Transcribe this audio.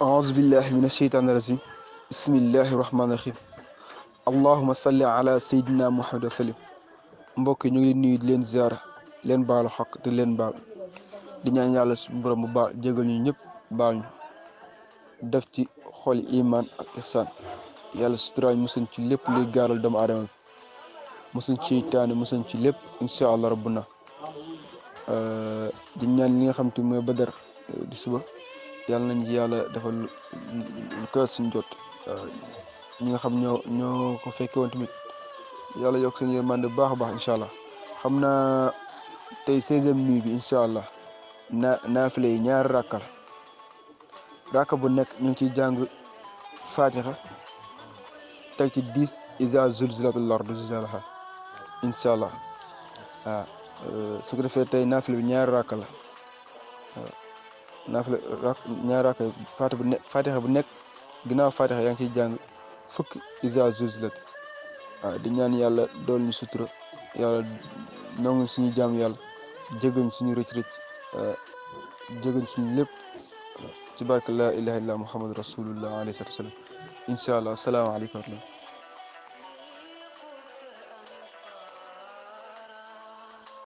ahousubillah min asheytaan irajim bismillahi rahmanirahim allahuma salli ala seydina muhammad wa salim mbokk yi ñu ngi leen nuyu di leen ziara leen baalu xaq di leen baal di ñaan yàlla su borom bu baal jégal ñu ñëpp baal ñu def ci xol iman ak ihsaan yàlla suturaal musuñ ci lépp luy gaaral doomu aadama bi musuñ ci taani musuñ ci lépp incha allah rabbuna di ñaan li nga xam te badar di suba yàlla nañ ci yàlla defal kër jot waaw nga xam ñoo ñoo ko tamit yàlla yokk seen yërmande bu baax a baax incha allah xam naa tey seizième nuit bi incha allah na naafile yi ñaari rakka la rakka bu nekk ñu ngi ciy jàng fatiha teg ci dix isa zulzilatul ardu zilzalaha incha allah waaw su ko defee tey naafile bi ñaari rakka la naafila ñaari rakka bu nekk ginnaaw faatiha yaa ngi ciy jàng fukki isa zuzlat waaw di ñaan yàlla dool ñu sutura yàlla nangu suñu jaam yàlla jégañ suñu rëcc rëcc eh, jégañ suñu lépp ci barke la ilaha illa muhammad rasulullah alayhi salatu wasalam incha allah asalaamaaleykum